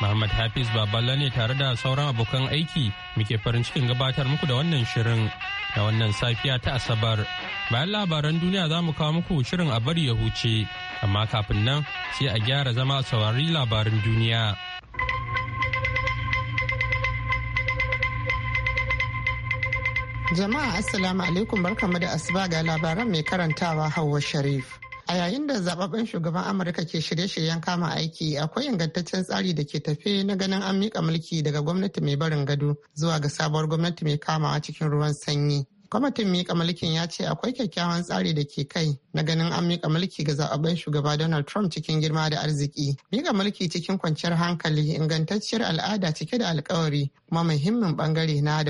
Muhammad Hafiz Baballa ne tare da sauran abokan aiki muke farin cikin gabatar muku da wannan shirin da wannan safiya ta Asabar. Bayan labaran duniya za mu kawo muku shirin a bari ya huce, amma kafin nan sai a gyara zama a saurari labarin duniya. Jama'a Assalamu alaikum barkamu da asuba ga labaran mai karantawa Hauwa Sharif. A yayin da zababben shugaban Amurka ke shirye-shiryen kama aiki akwai ingantaccen tsari da ke tafe na ganin an miƙa mulki daga gwamnati mai barin gado zuwa ga sabuwar gwamnati mai kamawa cikin ruwan sanyi. Kwamitin mika mulkin ya ce akwai kyakkyawan tsari da ke kai na ganin an mika mulki ga zaɓen shugaba Donald Trump cikin girma da arziki. Mika mulki cikin kwanciyar hankali ingantacciyar al'ada cike da alkawari kuma muhimmin bangare na a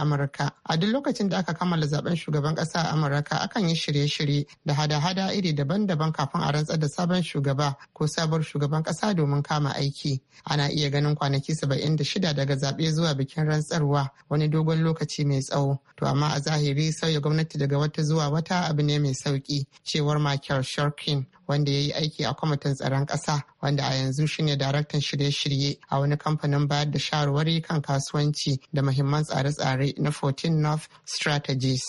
Amurka. A duk lokacin da aka kammala zaɓen shugaban ƙasa a Amurka akan yi shirye-shirye da hada-hada iri daban-daban kafin a rantsar da sabon shugaba ko sabon shugaban ƙasa domin kama aiki. Ana iya ganin kwanaki saba'in da shida daga zaɓe zuwa bikin rantsarwa wani dogon lokaci mai tsawo. To amma a zahiri sauya gwamnati daga wata zuwa wata abu ne mai sauki cewar Michael Shorkin wanda ya yi aiki a kwamitin tsaron ƙasa wanda a yanzu shine daraktan shirye-shirye a wani kamfanin bayar da shawarwari kan kasuwanci da mahimman tsare-tsare na 14 North Strategies.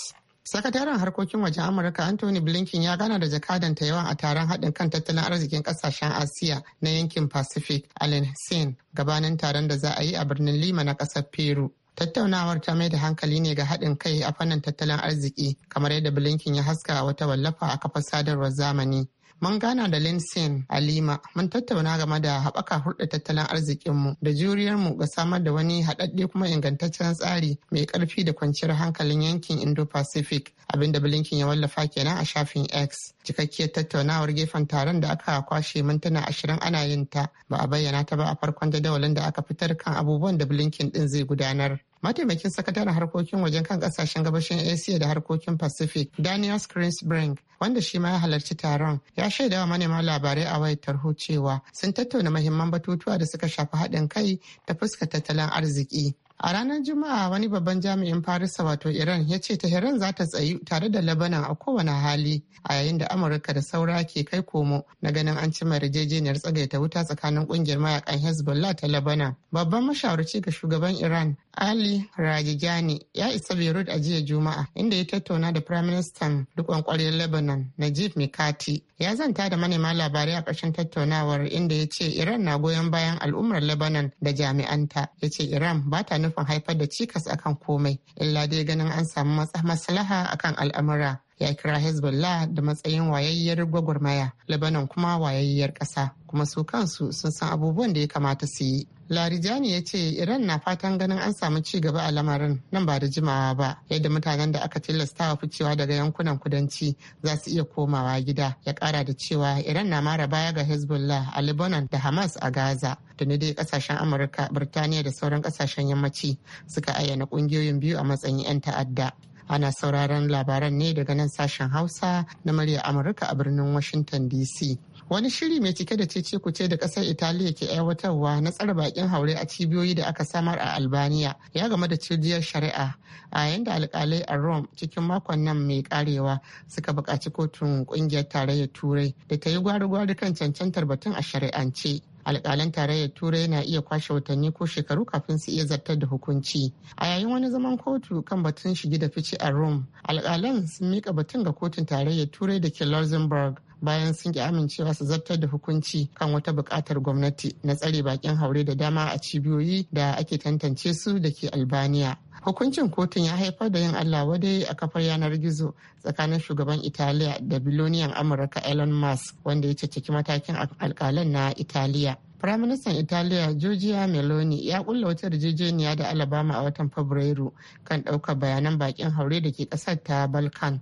Sakataren harkokin wajen Amurka Anthony Blinken ya gana da jakadan ta yawan a taron haɗin kan tattalin arzikin ƙasashen Asiya na yankin Pacific, Allen sin gabanin taron da za a yi a birnin Lima na ƙasar Peru. Tattaunawar ta mai da hankali ne ga haɗin kai a fannin tattalin arziki kamar yadda Blinken ya haska wata wallafa a kafar sadarwar zamani. mun gana da Linsen Alima mun tattauna game da haɓaka hulɗar tattalin arzikinmu da juriyarmu ga samar da wani haɗaɗɗe kuma ingantaccen tsari mai ƙarfi da kwanciyar hankalin yankin Indo-Pacific abinda bilinkin ya wallafa kenan a shafin X. Cikakkiyar tattaunawar gefen taron da aka kwashe mintuna ashirin ana yin ta ba a bayyana ta ba a farkon jadawalin da aka fitar kan abubuwan da bilinkin ɗin zai gudanar. mataimakin sakataren harkokin wajen kan kasashen gabashin asia da harkokin pacific daniel Grinsbrink, wanda shi ma ya halarci taron ya shaida wa manema labarai a wayar tarho cewa sun tattauna mahimman batutuwa da suka shafi haɗin kai ta fuskar tattalin arziki A ranar Juma'a wani babban jami'in Farisa wato Iran ya ce Tehran za ta tsayi tare da Lebanon a kowane hali a yayin da Amurka da saura ke kai komo na ganin an cimma yarjejeniyar tsagaita wuta tsakanin kungiyar mayakan Hezbollah ta Lebanon. Babban mashawarci ga shugaban Iran Ali Rajijani ya isa Beirut a jiya Juma'a inda ya tattauna da Prime Minister duk kwaryar Lebanon Najib Mikati. Ya zanta da manema labarai a ƙarshen tattaunawar inda ya ce Iran na goyon bayan al'ummar Lebanon da jami'anta. Ya ce Iran ba ta nufin haifar da cikas akan komai illa dai ganin an samu maslaha akan al'amura ya kira hezbollah da matsayin wayayyar gwagwarmaya labanan kuma wayayyar ƙasa kuma su kansu sun san abubuwan da ya kamata su yi Larijani ya ce Iran na fatan ganin an samu ci gaba a lamarin nan ba da jimawa ba yadda mutanen da aka tilastawa ficewa daga yankunan kudanci za su iya komawa gida ya kara da cewa Iran na mara baya ga Hezbollah a Lebanon da Hamas a Gaza da dai kasashen Amurka, Birtaniya da sauran kasashen yammaci suka ayyana kungiyoyin biyu a matsayin 'yan ta'adda. ana sauraron labaran ne daga nan sashen hausa na murya amurka a birnin washington dc wani shiri mai cike da cece kuce da kasar italiya ke aiwatarwa na tsara bakin haure a cibiyoyi da aka samar a albania ya game da cibiyar shari'a a yayin da alkalai a rome cikin makon nan mai karewa suka buƙaci kotun ƙungiyar tarayyar turai da ta yi gwari-gwari kan cancantar batun a shari'ance alkalan tarayyar turai na iya kwashe watanni ko shekaru kafin su iya zartar da hukunci a yayin wani zaman kotu kan batun shige da fice a rome alkalan sun mika batun ga kotun tarayyar turai da ke luxembourg bayan sun ki amincewa su zartar da hukunci kan wata buƙatar gwamnati na tsare bakin haure da dama a cibiyoyi da ake tantance su da ke albaniya hukuncin kotun ya haifar da yin allah wadai a kafar yanar gizo tsakanin shugaban italiya da biloniyan amurka elon musk wanda ya ceceki matakin alkalan na italiya Firaministan Italiya Giorgia Meloni ya kulla wata yarjejeniya da Alabama a watan Fabrairu kan ɗaukar bayanan bakin haure da ke ƙasar ta Balkan.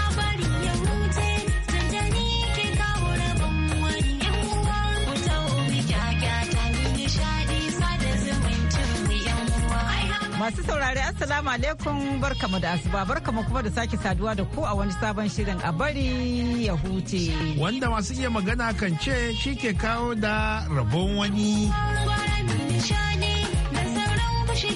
Masu saurari Assalamu alaikum barkamu da asuba barkamu kuma da sake saduwa da ku a wani sabon shirin a bari ya huce. Wanda masu iya magana kan ce shi ke kawo da rabon wani. Wani da sauran shi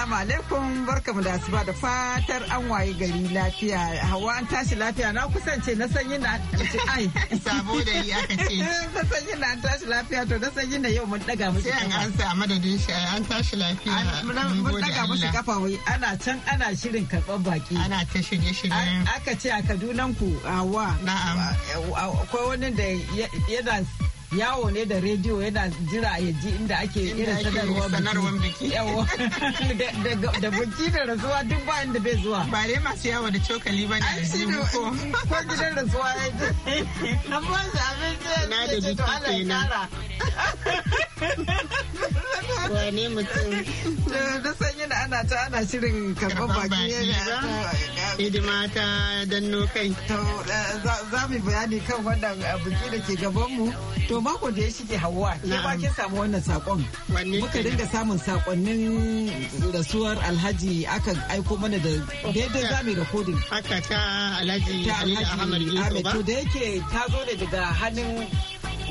Assalamu alaikum barkamu da asuba da fatar an waye gari lafiya. Hawa an tashi lafiya na kusance na sanyi na ai sabo da yi aka ce. Na sanyi na an tashi lafiya to na sanyi na yau mun daga musu. Sai an sa madadin shi an tashi lafiya. Mun daga musu kafa wai ana can ana shirin karban baki. Ana ta shirye shirye. Aka ce a Kadunan ku Hawa. Na'am. Akwai wani da yana yawo ne da rediyo yana jira ya ji inda ake irin sanarwar biki da biki da rasuwa duk ba inda bai zuwa ba dai masu yawo da cokali ba ne ko gidan rasuwa ya ji an ba su abinci to da ya kenan wane mutum da sanyi da ana ta ana shirin karɓar baki yana hidima ta danno kai. Eh, za mu bayani kan wannan eh, biki da ke gabanmu. To mako da ya shige hawa ke ba kin samu wannan sakon. Muka dinga samun sakonnin rasuwar Alhaji aka aiko mana da daidai za mu recording. Haka ta Alhaji Ahmad Yusuf ba. To da yake ta zo ne daga hannun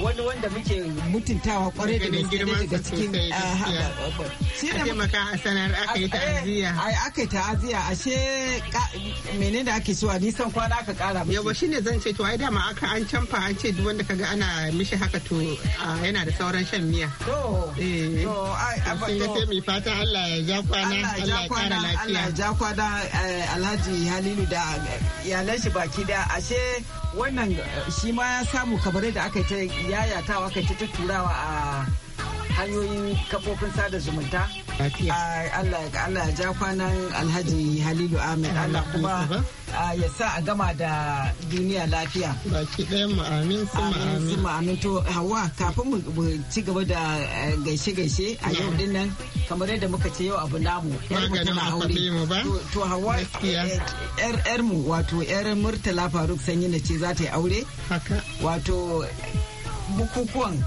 wani wanda muke mutuntawa kwarai da gaske daga cikin ah, a taimaka a sanar aka yi ah, eh, ta'aziyya aka yi ta'aziyya ashe menene ake a nisan kwana aka kara mu yawa shine zan ce to ai dama aka an canfa an ce duk wanda kaga ana mishi haka to ah, yana da sauran shan miya to eh to ai abin sai mai fata Allah ya ja kwana Allah ya kara lafiya Allah ya ja kwana eh, Alhaji Halilu da eh, iyalan shi baki da ashe wannan shi ma ya samu kabare da aka yi ta yayatawa kai ta turawa a hanyoyin kafofin sada zumunta Allah ya ja kwanan alhaji halilu ahmed Allah kuma ya sa a gama da duniya lafiya baki ɗaya ma'amin su ma'amin to hawa kafin mu ci gaba da gaishe-gaishe eh, a yau din nan kamar yadda muka ce yau abu namu yar mu tana to hawa eh, yar mu wato yar murtala faruk sanyi na ce za ta yi aure wato bukukuwan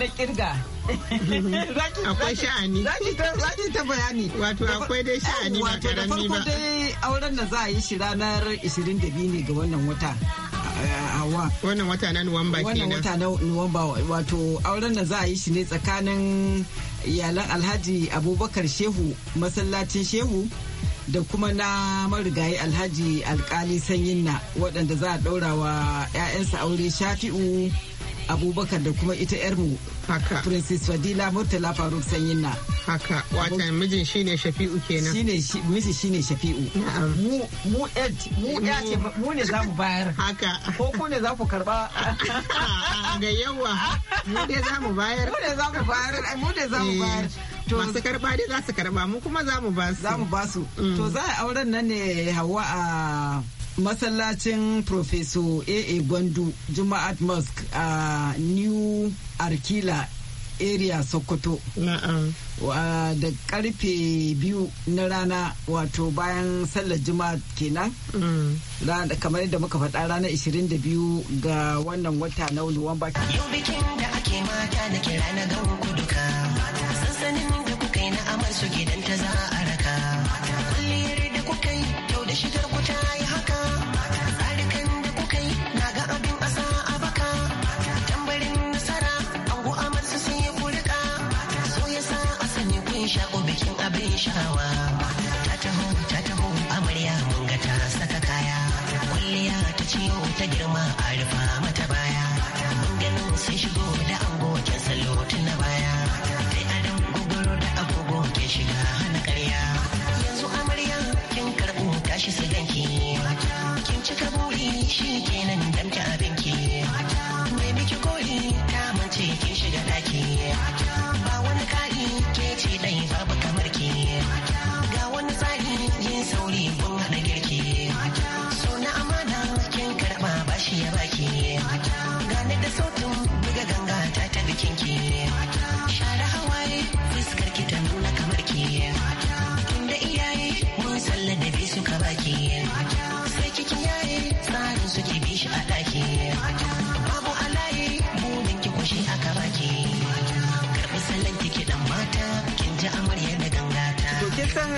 na kirga akwai sha'ani zaki ta bayani wato akwai dai sha'ani ba wato da farko dai auren da za a yi shi ranar 22 ne ga wannan wata eh, hawa wannan wata na nuwamba kenan wannan wata na nuwamba wato auren da za a yi shi ne tsakanin iyalan alhaji abubakar shehu masallacin shehu da kuma na marigayi alhaji alkali sanyin na waɗanda za a ɗaura wa 'ya'yansa aure shafi'u abubakar da kuma ita yarmu haka princess fadila murtala faruk sanyin na haka wata mijin shine shafi'u kenan shine mijin shine shafi'u mu mu ed mu ya ce mu ne zamu bayar haka ko ku ne za ku karba ga yawa mu ne zamu bayar mu ne zamu bayar mu ne zamu eh, bayar masu karba dai za su karba mu kuma za mu ba su za mu ba su to mm. za a auren nan ne hawa a masallacin profeso aa gwandu juma'at mosque a new arkila area sokoto da karfe biyu na rana wato bayan sallar juma'a kenan mm. kamar yadda muka faɗa ranar 22 ga wannan wata na nuwamba yau bikin da ake mata da kira na gawo kuduka mata sansanin da kuka yi na amar gidan ta za a raka kulliyar da kuka yi kyau da shigar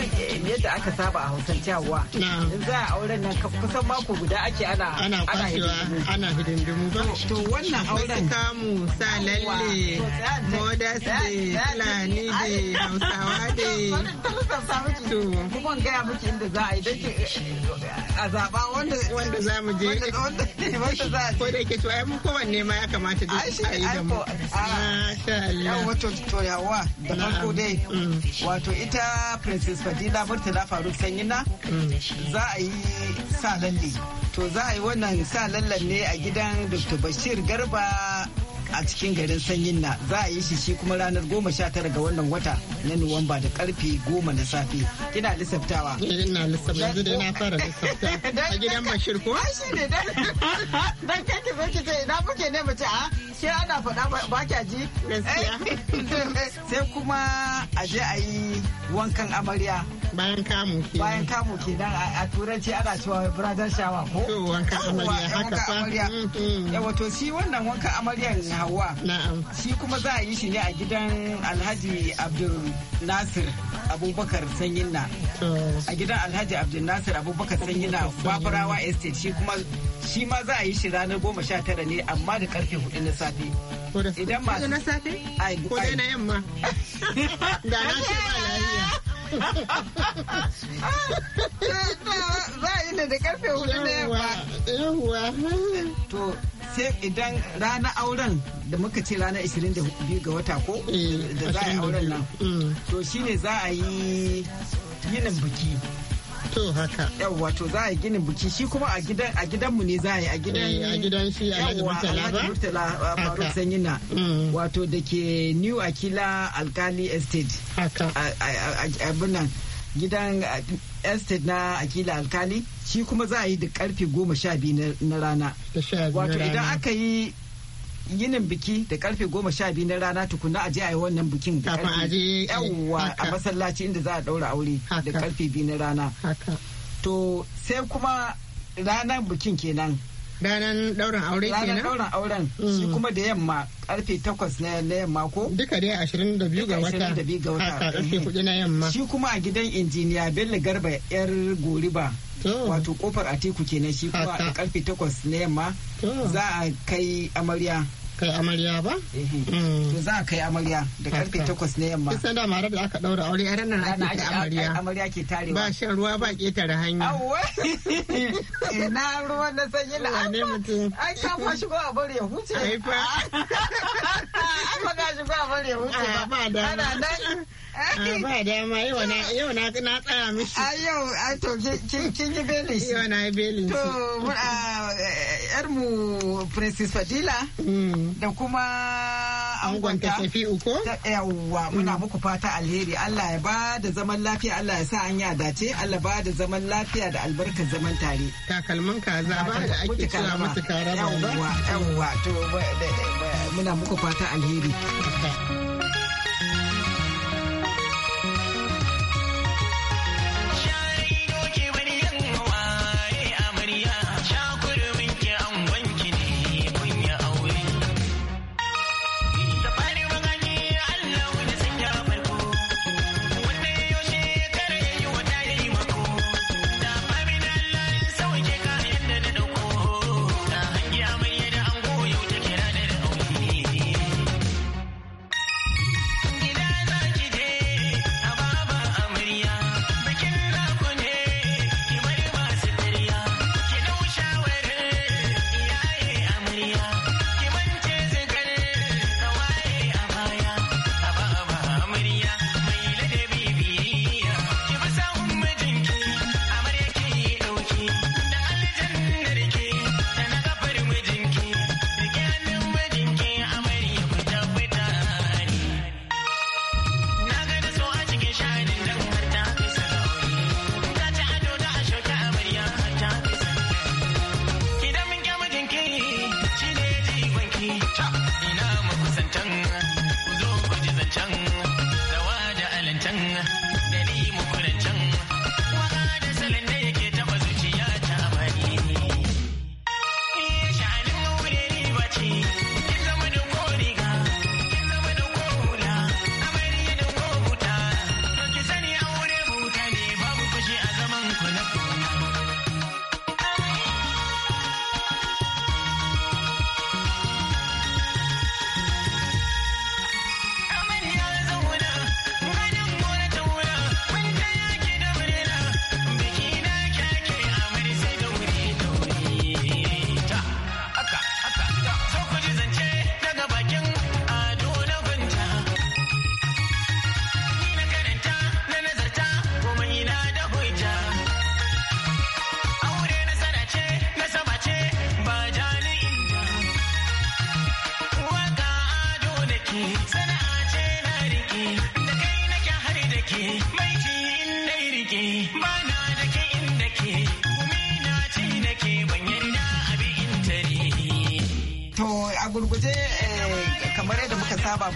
yadda aka saba a hausar cewa za a auren nan kusan mako guda ake ana ana kwashewa ana hidindimu ba to wannan auren kamu sa lalle modas de lani de hausawa de kuma gaya miki inda za a yi a zaba wanda wanda za mu je wanda ko da ke to ai mu kowanne ma ya kamata da a yi da mu masha Allah yawa to to yawa da farko dai mm. wato ita princess ta murtala faruk sanyina za a yi sa lalle to za a yi wannan sa lallan ne a gidan dr bashir garba a cikin garin sanyin na za a yi shi shi kuma ranar goma sha tara ga wannan wata na nuwamba da karfe goma na safe kina lissaftawa ina lissafta yanzu da na fara lissafta a gidan bashir ko shi ne dan kake ba ki kai na fuke ne mace a ah, shi ana faɗa ba kya ji gaskiya sai kuma a je a yi wankan amarya bayan kamu ke bayan kamu ke dan a turanci ana cewa brother shower ko to wanka amarya haka fa yawa mm, wato shi wannan wanka amaryan hawa na'am shi kuma za a yi shi ne a gidan Alhaji Abdul Nasir Abubakar Sanyinna a gidan Alhaji Abdul Nasir Abubakar Sanyinna Babarawa Estate shi kuma shi ma za a yi shi ranar goma sha tara ne amma da karfe hudu na safe idan ma na safe ko na yamma da na ce ba lafiya za a yi ne da karfe hudu na yawa. to sai idan ranar auren da muka ce ranar 22 ga wata ko eh, da za a yi auren nan to shine za a yi yinin biki To haka. Yawwa to za a gini biki shi kuma a gidan a gidan mu ne za a yi a gidan eh, a gidan shi a Alhaji Murtala ba. Uh, Murtala Faruk Sanyina. Mm. Wato da ke New Akila Alkali Estate. Haka. Abin nan gidan uh, estate na Akila Alkali shi kuma za a yi da karfe goma sha biyu na rana. Wato idan aka yi yinin biki da karfe goma sha biyu na rana tukuna a je a yi wannan bikin da karfe yawwa a masallaci inda za a daura aure da karfe biyu na rana to sai kuma ranar bikin kenan ranar daurin aure kenan ranar daurin auren shi mm. kuma da yamma karfe 8 na yamma ko duka dai 22 ga wata ga wata karfe kudi na yamma shi kuma a gidan injiniya Bello Garba yar Goriba wato kofar Atiku kenan shi kuma a karfe 8 na yamma za a kai amarya kai amarya ba eh, eh. Mm. to za a kai amarya da karfe takwas ne yamma kisan da mara da aka ɗaura aure a ranar ake kai amarya amarya ke tarewa ba shan ruwa ba ketare hanya ina ruwa na sanyi na an an ka fa shigo a bari ya huce ai fa an ka shigo a bari ya huce ba ana nan Ah, ba dama yau na yau na na tsaya miki. a ah, yau a ah, to kin kin yi beli yau na yi beli to yar mu princess fadila mm. da kuma angon ta fi uku yawwa muna mm. muku fata alheri Allah ya ba da zaman lafiya Allah ya sa an ya dace Allah ba da zaman lafiya da albarkar zaman tare takalman kaza ba da ake kira musu kara ba yawwa yawwa to muna muku fata alheri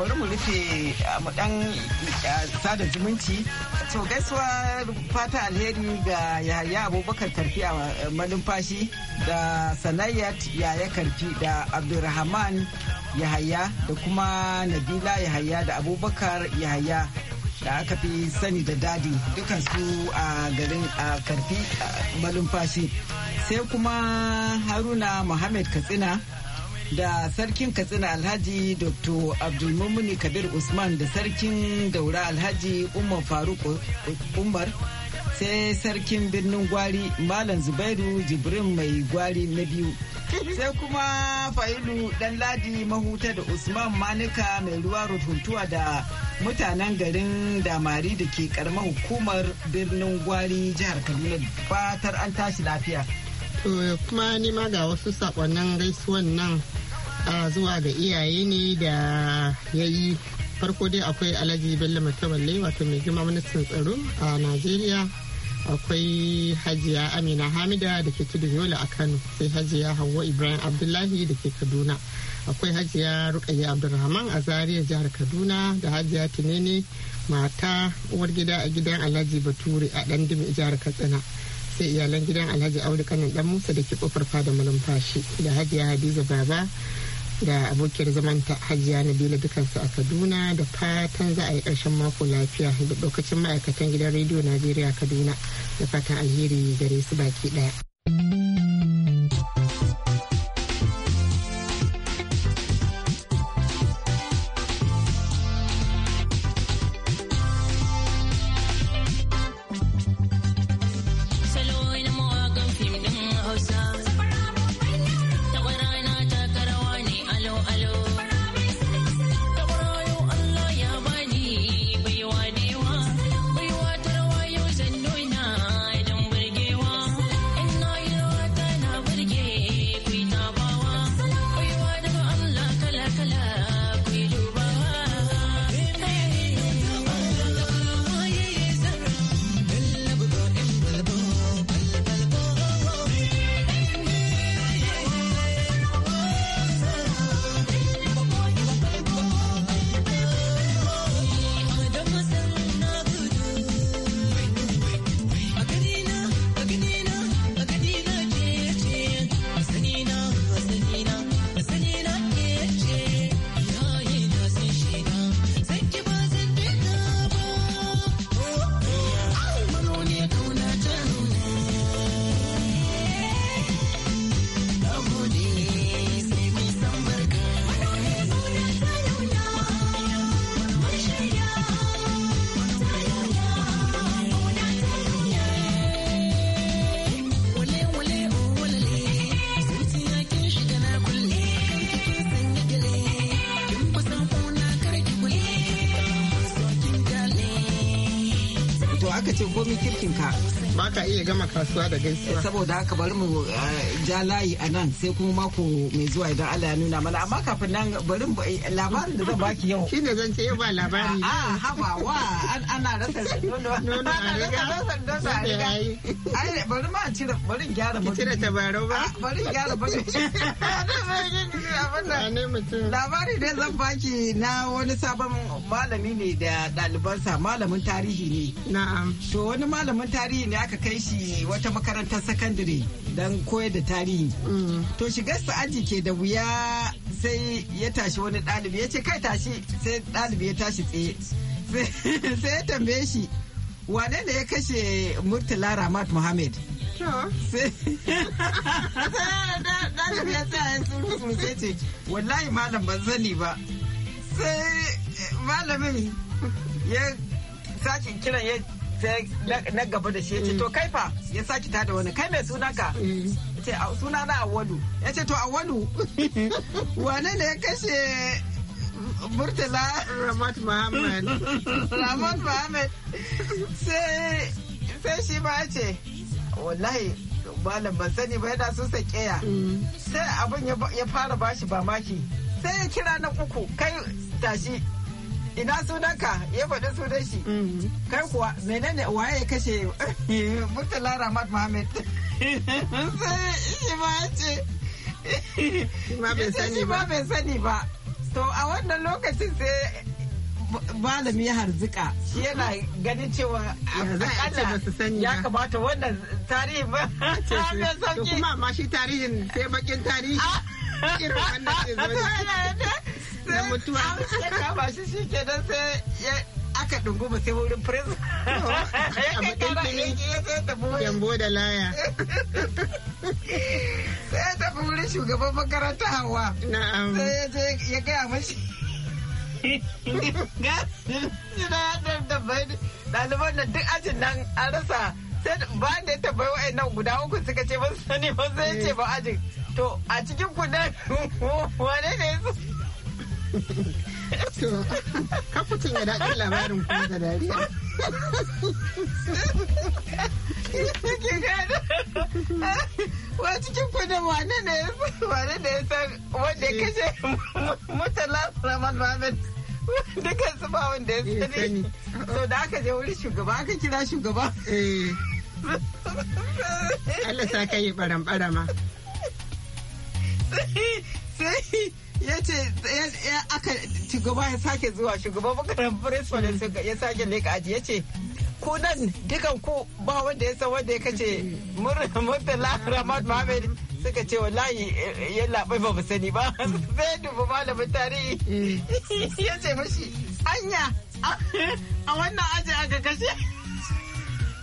bari mu rufe eh, mu dan eh, sada zumunci to gaisuwa fata alheri ga yahaya abubakar karfi a eh, malumfashi da sanayyat yaya karfi da abdulrahman yahaya da kuma nabila yahaya da abubakar yahaya da aka fi sani da dadi dukansu a garin a karfi malumfashi sai kuma haruna muhammad katsina da sarkin katsina alhaji dr abdulmumuni kabir usman da sarkin daura alhaji umar faruk umar sai sarkin birnin gwari malam zubairu jibrin mai gwari na biyu sai kuma failu dan ladi mahuta da usman manika mai ruwa rutuntuwa da mutanen garin damari da ke karamar hukumar birnin gwari jihar kaduna fatar an tashi lafiya to kuma nima ga wasu sakonnin gaisuwan nan zuwa ga iyaye ne da ya yi farko dai akwai alhaji bello mataballe wato mai girma ministan tsaro a najeriya akwai hajiya amina hamida da ke tudu yola a kano sai hajiya hawa ibrahim abdullahi da ke kaduna akwai hajiya rukayya abdulrahman a zaria jihar kaduna da hajiya tinene mata uwar gida a gidan alhaji bature a dandamin jihar katsina sai iyalan gidan alhaji auri kanin dan musa da ke kofar fada malumfashi da hajiya hadiza baba da abokiyar zaman zamanta hajiya nabila dukansu a kaduna da fatan za a yi karshen mako lafiya da lokacin ma'aikatan gidan rediyo najeriya kaduna da fatan alheri gare su baki daya. aka ce komi kirkin ka ba ka iya gama kasuwa da gaisuwa saboda haka bari mu eh, ja layi a nan sai kuma mako mai zuwa idan Allah ya nuna mana amma kafin nan bari eh, labarin da zan baki yau shine zan ce ba labari a ah, ah, haba wa ana rasa nono nono a riga ai bari ma cire bari gyara Ki cire tabaro ba ah, bari gyara ba labari da zan baki na wani sabon malami ne da ɗalibansa malamin tarihi ne na'am to wani malamin tarihi ne aka kai shi wata makarantar sakandare don koyar da tarihi to shigar sa aji ke da wuya sai ya tashi wani ɗalibi ya ce kai tashi sai ɗalibi ya tashi tsaye sai ya tambaye shi wane ne ya kashe murtala ramat muhammad sai wallahi malam ban sani ba sai malamin ya sakin kiran ya sai na gaba da shi ya ce mm. to kai ya saki ta da wani kai mai sunanka mm. ce suna na awalu ya ce to awalu wane ne ya kashe murtala ramat muhammad ramat muhammad sai sai shi ba ya ce wallahi malam ban sani ba yana sun sake ya mm. sai abin ya fara bashi maki sai ya kira na uku kai tashi ina sunanka ya faɗi sunan shi mhm. kai kuwa menene waye ya kashe murtala ramat mohammed sai shi ma ya ce shi ma bai sani ba to a wannan lokacin sai malami ya harzika shi yana ganin cewa a ya kamata wannan tarihi ba ta kuma ma shi tarihin sai bakin tarihi irin wannan na mutuwa ya kama shi shi ke nan sai aka dunguma sai wurin prison a matsayin jambo da laya sai ya tafi wurin shugaban makaranta hawa sai ya gaya mashi ɗaliban nan duk ajin nan an rasa sai ba da ya tambayi nan guda uku suka ce ba sani ba sai ce ba ajin to a cikin ku wane ne su To, kafucin ya daɗi labarin kuma da dariya. Kike gada. Wa cikin kudin wane ne ya san wane ne ya san wanda ya kashe mutala Rahman Mohammed. Dukan su ba wanda ya eh, sani. So da aka je wuri shugaba aka kira shugaba. Eh. Allah sa ka yi baran barama. Sai ya ce ya aka shugaba ya sake zuwa shugaban makarar principal ya sake leka aji ya ce ku nan dukan ku ba wanda ya san wanda ya kace murtala ramad mohamed suka ce wallahi eh, ya labai ba sani ba Zai dubu malamin tarihi eh. ya ce mashi anya a wannan aji aka kashe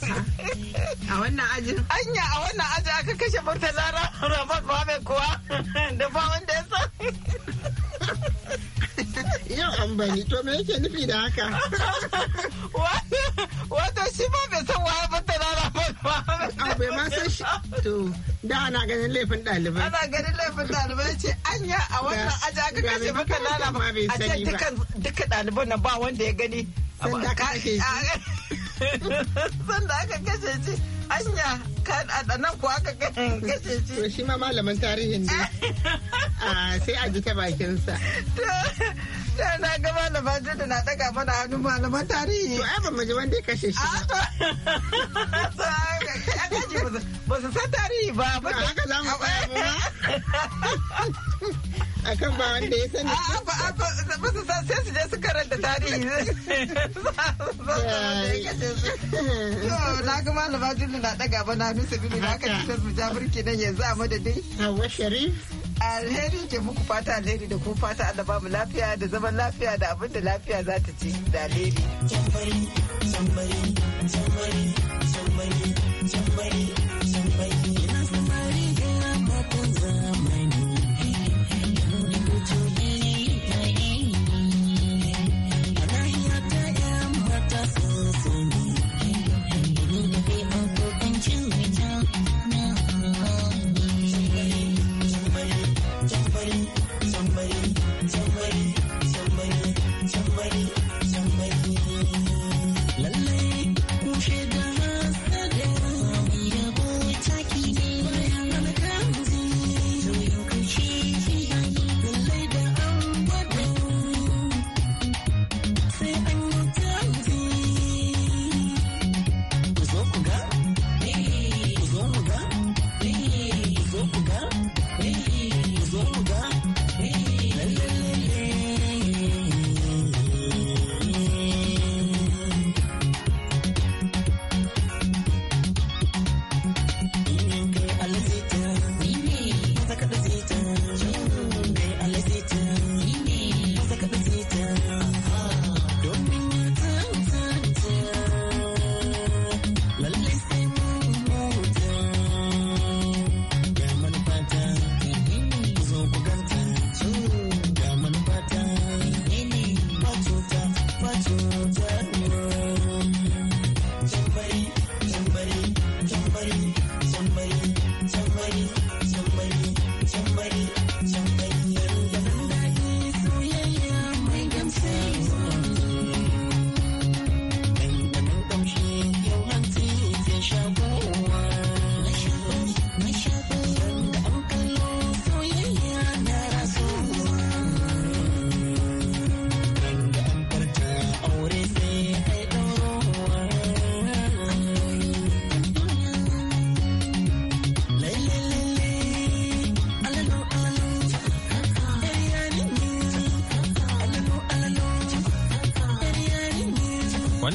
A wannan ajin? Anya a wannan ajin aka kashe Murtala Ramon Mohamed kuwa da ba wanda ya san. Yau an bani to me yake nufi da haka? Wato shi ba bai san waye Murtala Ramon Mohamed. A ah, bai ma san shi. To da ana ganin laifin ɗalibai. Ana ganin laifin ɗalibai ce anya a wannan aji aka kashe Murtala Ramon. A ce duka ɗaliban nan ba wanda ya gani. Sanda ka ake shi. Sanda aka kashe shi anya kan nan kuwa aka kashe shi. To shi ma malamin tarihin ne. Ah, sai a ji ta bakinsa. da na ga malaman da na daga mana hannu malaman tarihi. To ai mu ji wanda ya ah, kashe shi. Ba su san tarihi ba. Ba haka za mu ba. akan ba wanda ya sani ba su san sai su je su karanta tarihi na ga malama julu na daga ba na nusa bilu na kan ta su jabirki nan yanzu a madadin hawa sharif alheri ke muku fata alheri da kuma fata Allah ba mu lafiya da zaman lafiya da abin da lafiya za ta ci da alheri.